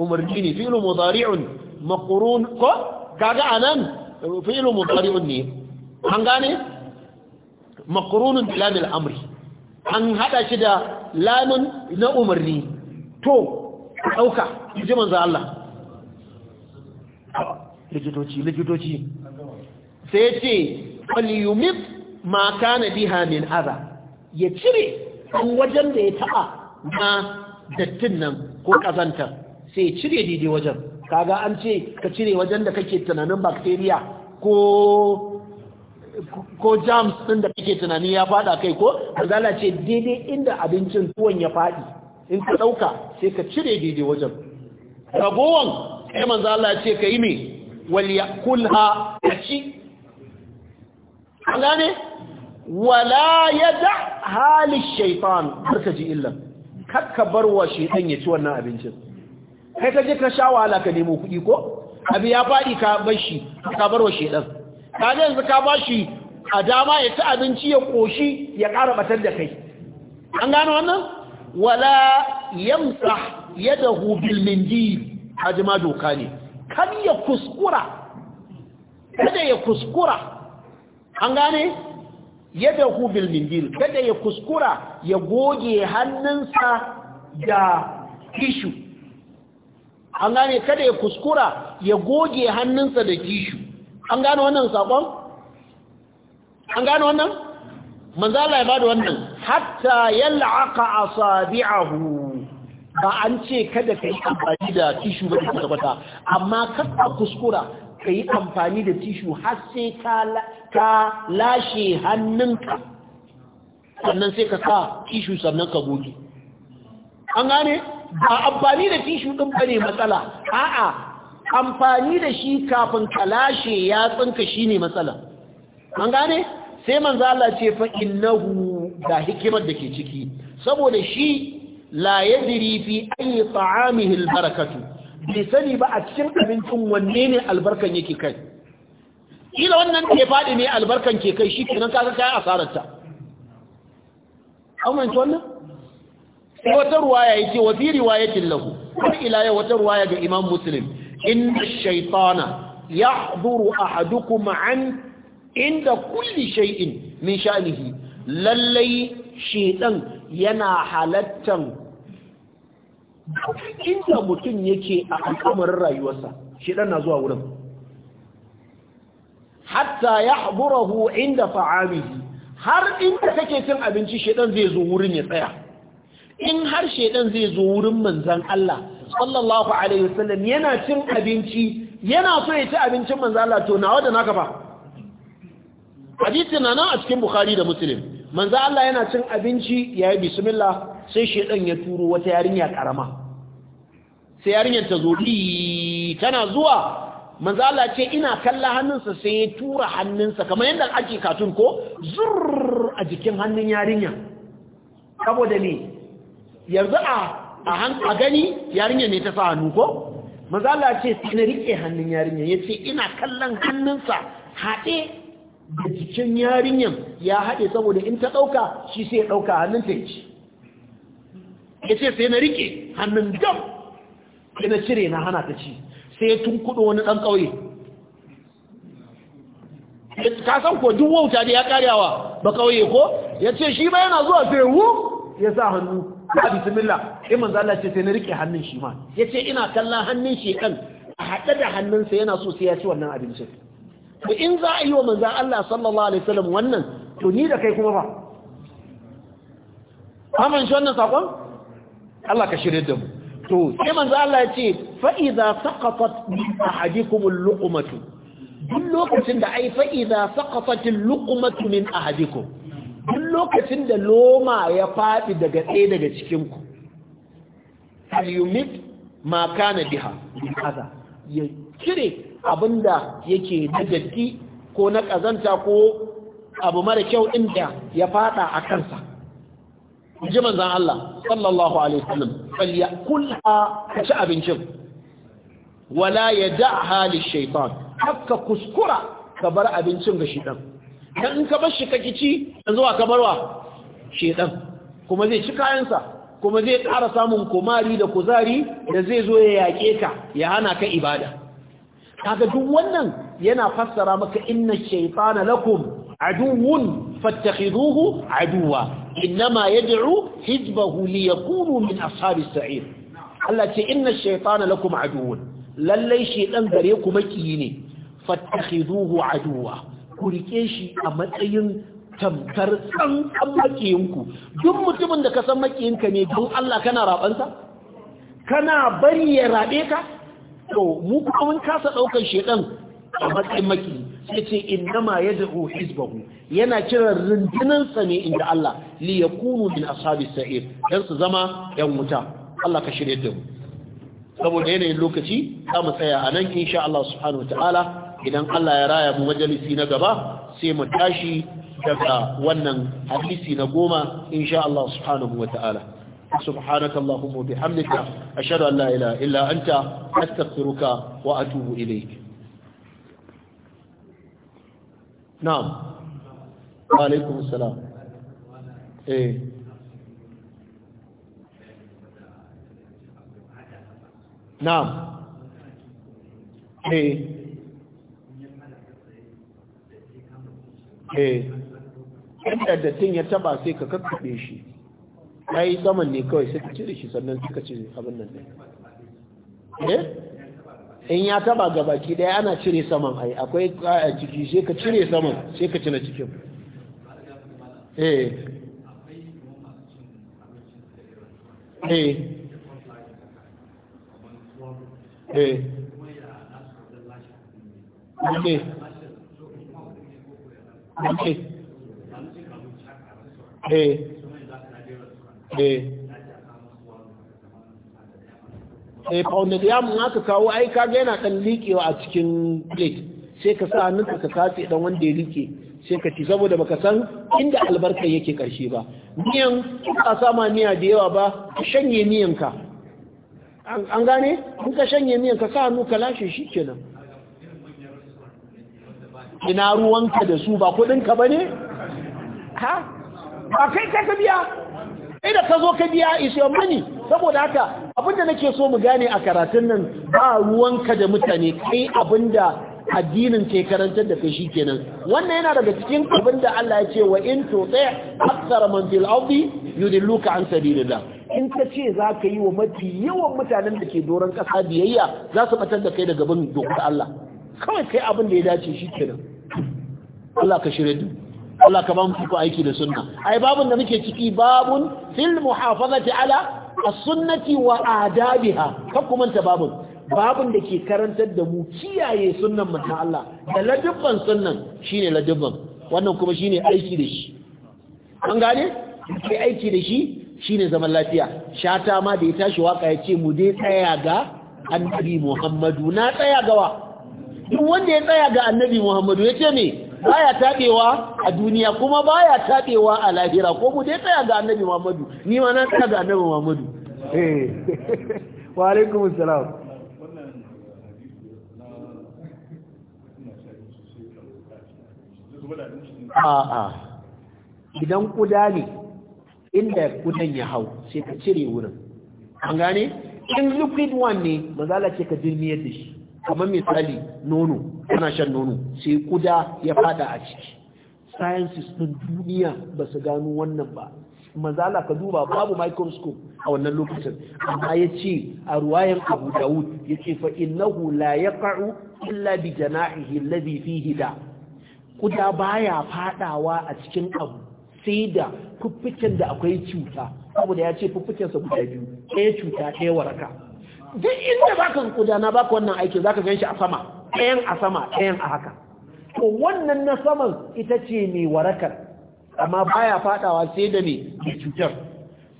Speaker 1: umarni ne fi'lu mudari'un makurun ko? Kaga a fi'lu mudari'un ne, an gane? Makurunun bilamil amri. an haɗa shi da lamun na umarni to dauka ji manzo Allah likitoci likitoci sai ce waliyumif ma kana biha min aza ya cire an wajen da ya taɓa na dattin nan ko kazanta sai ya cire daidai wajen kaga an ce ka cire wajen da kake tunanin bacteria ko ko jams ɗin da kake tunani ya faɗa kai ko azala ce daidai inda abincin tuwon ya faɗi, in ka ɗauka sai ka cire daidai wajen ragowan sai manzala ce ka yi me wal yakulha ci gane wala yada halin shaitan ka ji illan kakka bar wa ya ci wannan abincin kai ka je ka sha wahala ka nemo kuɗi ko abi ya faɗi ka bar shi ka bar wa kada yanzu ka bashi a dama ya ci abinci ya koshi ya ƙara batar da kai an gano wannan wala yamsa yadahu bil mindi hajima doka ne kan ya kuskura kada ya kuskura an gane yadahu bil mindi kada ya kuskura ya goge hannunsa da kishu an gane kada ya kuskura ya goge hannunsa da kishu an gane wannan sakon an gane wannan manzala Allah ya bada wannan hatta a asabi'ahu ba an ce kada ka yi amfani da tishu ba da kwata amma kada kuskura ka yi amfani da tishu har sai ka lashe hannunka sannan sai ka sa tishu sannan ka goge an gane ba amfani da tishu ɗin ba ne matsala a'a amfani da shi kafin kalashe ya tsinka shine matsala an gane sai manzo Allah ce fa innahu da hikimar da ke ciki saboda shi la yadri fi ayi ta'amihi albarakatu bai sani ba a cikin abincin wanne ne albarkan yake kai ila wannan ke faɗi ne albarkan ke kai shi kenan kaga kai asararta an wanci wannan sai wata ruwaya yake wa fi riwayatin lahu ila yau wata ruwaya ga imam muslim Inda shaitana yahduru ahadukum an inda kulli shaiin min sha'nihi lallai shedan yana halattan inda mutum yake a al'amarin rayuwarsa shedan na zuwa wurin hatta yahdurahu inda fa'amihi har inda kake cin abinci shedan zai zo wurin ya tsaya in har shedan zai zo wurin manzon Allah sallallahu alaihi wasallam yana cin abinci yana so ya ci abincin manzo Allah to nawa da naka fa hadisi nan a cikin bukhari da muslim manzo Allah yana cin abinci yayi bismillah sai shedan ya turo wata yarinya karama sai yarinyar ta zo tana zuwa manzo Allah ce ina kalla hannunsa sai ya tura hannunsa kamar yadda ake katun ko zur a jikin hannun yarinya saboda ne yanzu a a gani yarinyar ne ta sa hannu ko mazala Allah ce na rike hannun yarinyar. ya ce ina kallon hannunsa haɗe da jikin yarinyan ya haɗe saboda in ta ɗauka shi sai ɗauka hannun ta ci ya ce sai na rike hannun dam sai cire na hana ta ci sai tun kuɗo wani ɗan ƙauye ka san ko duk wauta da ya karyawa ba ƙauye ko ya ce shi ba yana zuwa sai wu ya sa hannu ba bismillah sai manzo Allah ce sai na rike hannun shi ma yace ina kallon hannun shi kan a hada da hannunsa yana so sai ya ci wannan abincin to in za a yi wa manzo Allah sallallahu alaihi wasallam wannan to ni da kai kuma ba aman shi wannan sakon Allah ka shirye da mu to sai manzo Allah ya ce fa idza saqatat min ahadikum al-luqmatu duk lokacin da ai fa idza saqatat al-luqmatu min ahadikum duk lokacin da loma ya faɗi daga ɗaya daga cikinku mit ma kana biha kaza ya cire abinda yake na datti ko na ƙazanta ko abu mara kyau inda ya faɗa a kansa ji manzan Allah sallallahu alaihi wasallam falyakula ka ci abincin wala ya da'ha shaitan. haka kuskura ka bar abincin ga shi dan in ka bar shi kaki ci zuwa ka barwa shedan kuma zai ci kayansa kuma zai ƙara samun komari da kuzari da zai zo ya yaƙe ka ya hana ka ibada kaga duk wannan yana fassara maka inna shaytana lakum aduwwun fattakhiduhu aduwa inma yad'u hizbahu liyakunu min ashabis sa'ir Allah ce inna shaytana lakum aduwwun lallai shedan gare ku maki ne fattakhiduhu aduwa ku rike shi a matsayin tamkar tsantsan makiyinku duk mutumin da ka san makiyinka ne don Allah kana rabansa kana bari ya rabe ka to mu kuma mun kasa daukar shedan a matsayin maki sai ce innama yad'u hizbahu yana kiran rundunansa ne inda Allah li yakunu min ashabi sa'ir dan su zama yan wuta Allah ka shirye da mu saboda yanayin lokaci za mu tsaya a nan insha Allah subhanahu wataala idan Allah ya raya mu majalisi na gaba sai mu tashi daga wannan hadisi na goma insha Allah subhanahu wa سبحانك اللهم وبحمدك أشهد أن لا إله إلا أنت أستغفرك وأتوب إليك نعم وعليكم السلام إيه نعم إيه eh inda dattin ya taba sai ka kakkaɓe shi ya yi saman ne kawai sai ka cire shi sannan suka cire abin nan ne eh? in ya taba ga baki daya ana cire saman ai akwai a ciki sai ka cire saman sai ka cire cikin eh eh eh, eh. mace eh eh eh pounded yam aka kawo ai kaga yana ɗan liƙewa a cikin plate sai ka sa hannunka ka katse dan wanda ya liƙe sai ka ci saboda baka san inda albarka yake karshe ba miyan ka sama miya da yawa ba ka shanye miyanka an gane in ka shanye miyan ka sa hannu ka lashe shi kenan ina ruwanka da su ba kudinka ba ne? ha? ba kai ka ka biya sai da ka zo ka biya ishe mani saboda haka abinda nake so mu gane a karatun nan ba ruwanka da mutane kai abinda addinin ke karantar da kai kenan. wannan yana daga cikin abinda Allah ya ce wa in tuti akthar man fil ardi yudilluka an sabilillah in ka ce za ka yi wa mafi yawan mutanen da ke doron ƙasa biyayya za su batar da kai daga bin dokar Allah kawai kai abin da ya dace shi kenan. Allah ka shirye duk Allah ka ba mu iko aiki da sunna ai babun da muke ciki babun fil muhafazati ala as-sunnati wa adabiha ka kuma ta babun babun da ke karantar da mu kiyaye sunnan manzon Allah da ladabban sunnan shine ladabban wannan kuma shine aiki da shi an gane ke aiki da shi shine zaman lafiya shata ma da ya tashi waka ya ce mu dai tsaya ga annabi Muhammadu na tsaya gawa duk wanda ya tsaya ga annabi Muhammadu ya ce me baya taɓewa a duniya kuma baya taɓewa a lahira ko mu dai tsaya ga annabi muhammadu ni ma na tsaya ga annabi muhammadu eh. wa alaikum salam a'a idan kuda ne inda kudan ya hau sai ka cire wurin an gane in liquid one ne mazala ce ka jirmiyar da shi kamar misali nono tana shan nono sai kuda ya fada a ciki sciences ɗin duniya ba su gano wannan ba mazala ka duba babu microscope a wannan lokacin amma ya ce a ruwayan abu dawud ya ce na hula ya ƙaru illa bi jana'ihi labi fi hida. kuda baya fadawa a cikin abu sai da fuffuken da akwai cuta saboda ya ce fuffukensa guda biyu ɗaya cuta ɗaya waraka duk inda baka kuda na baka wannan aiki zaka gan shi a sama ɗayan a sama ɗayan a haka to wannan na saman ita ce mai warakar amma baya fadawa sai da me mai cutar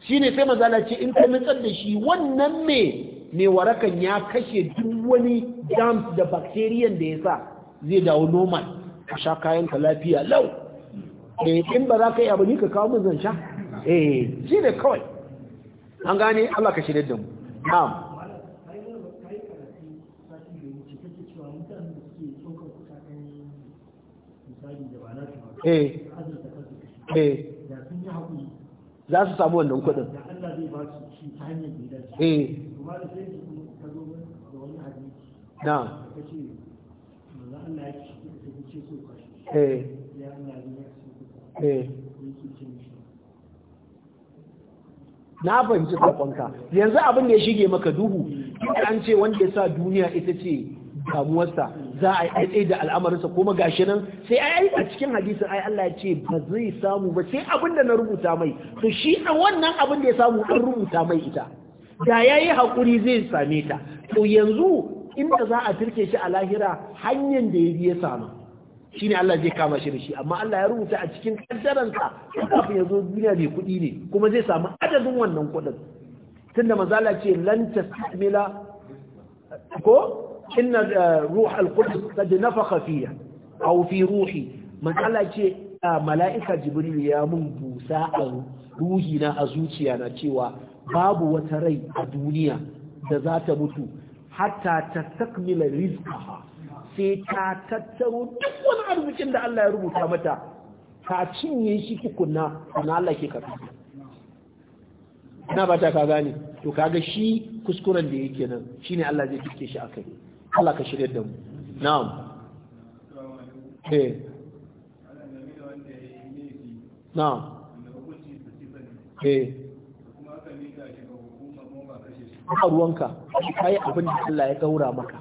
Speaker 1: Shi ne sai mazala ce in ka nutsar da shi wannan me mai warakan ya kashe duk wani germs da bakteriyan da ya sa zai dawo normal ka sha kayan ka lafiya lau eh in ba za ka yi abu ni ka kawo min zan sha eh ne kawai
Speaker 2: an gane Allah ka shi da mu na'am
Speaker 1: eh eh za su samu wannan kuɗin eh na eh, eh. na fahimci sakonka yanzu abin da ya shige maka duhu an ce wanda ya sa duniya ita ce damuwarsa za a yi aitsai da al'amarinsa kuma gashi nan sai ai a cikin hadisin ai Allah ya ce ba zai samu ba sai abin da na rubuta mai to shi dan wannan abin da ya samu ɗan rubuta mai ita
Speaker 2: da yayi hakuri
Speaker 1: zai same ta to yanzu inda za a firke shi a lahira hanyar da ya samu shine Allah zai kama shi da shi amma Allah ya rubuta a cikin kaddaransa kafin ya zo duniya mai kuɗi ne kuma zai samu adadin wannan kuɗin tunda manzala ce lan tasmila ko إن روح القدس قد نفخ فيها أو في روحي من قال لك ملائكة جبريل يا من بوساء روحنا أزوتيانا شوى باب وتري الدنيا ذات متو حتى تستكمل رزقها sai ta tattaro duk wani arzikin da Allah ya rubuta mata Ka cinye shi tukunna na Allah ke ba ta ka gane to kaga shi kuskuren da yake nan shine Allah zai cike shi akai Allah ka shirya da mu na'am eh na'am eh. ba ruwanka yi abin da Allah ya gaura maka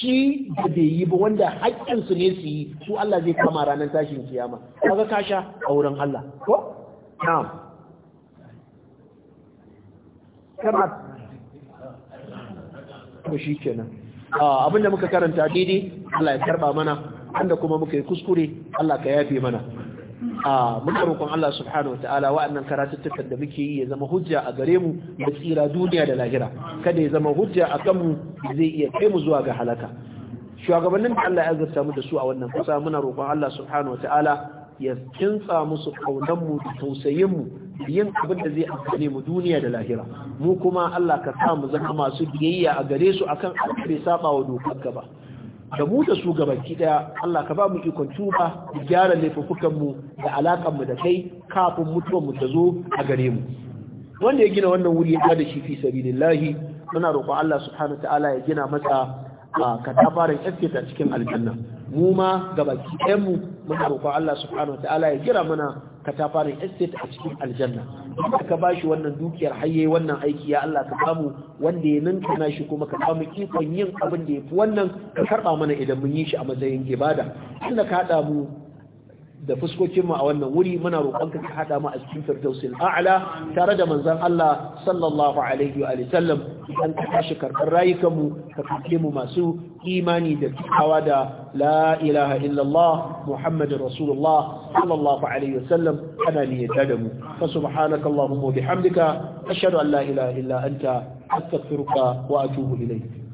Speaker 1: shi da bai yi ba wanda haƙƙinsu ne su yi su Allah zai kama ranar tashin kiyama kaga ka sha a wurin Allah ko na'am Kama, to shi kenan Ah, Abin da muka karanta daidai Allah ya karba mana wanda kuma muka yi kuskure Allah ka yafe mana a ah, muka roƙon Allah subhanahu wa ta'ala wa'annan karatuttukan da muke yi ya zama hujja a gare mu da tsira duniya da lahira kada ya zama hujja a kanmu zai iya kai mu zuwa ga halaka shugabannin da Allah ya azurta mu da su a wannan kusa muna roƙon Allah subhanahu wa ta'ala ya kintsa musu kaunan mu da tausayin mu yin abin da zai amfane mu duniya da lahira mu kuma Allah ka sa mu zama masu biyayya a gare su akan bai saba wa dokar ba. da mu da su gabaki daya Allah ka ba mu ikon tuba da gyara laifukan mu da alakan mu da kai kafin mutuwar mu ta zo a gare mu wanda ya gina wannan wuri ya da shi fi sabilillahi muna roƙon Allah subhanahu ta'ala ya gina masa a katafaren ta cikin aljanna mu ma gabaki ɗayan mu muna roƙon Allah subhanahu ta'ala ya gina mana katafarin estate a cikin aljanna ka ba shi wannan dukiyar haye wannan aiki ya Allah ka samu wanda ya ninkana shi kuma ka samu ikon yin abin da ya fi wannan ka karɓa mana idan mun yi shi a matsayin ibada inda ka haɗa mu da fuskokinmu a wannan wuri muna roƙonka ka haɗa mu a cikin firdausil a'la tare da manzon Allah sallallahu alaihi wa sallam an ka tashi karɓar rayukanmu ka kake mu masu imani da tukawa da la ilaha illallah muhammadin rasulullah sallallahu alaihi wa sallam ana niyyata da mu fa subhanaka allahumma wa bihamdika ashhadu an la ilaha illa anta astaghfiruka wa atubu ilayk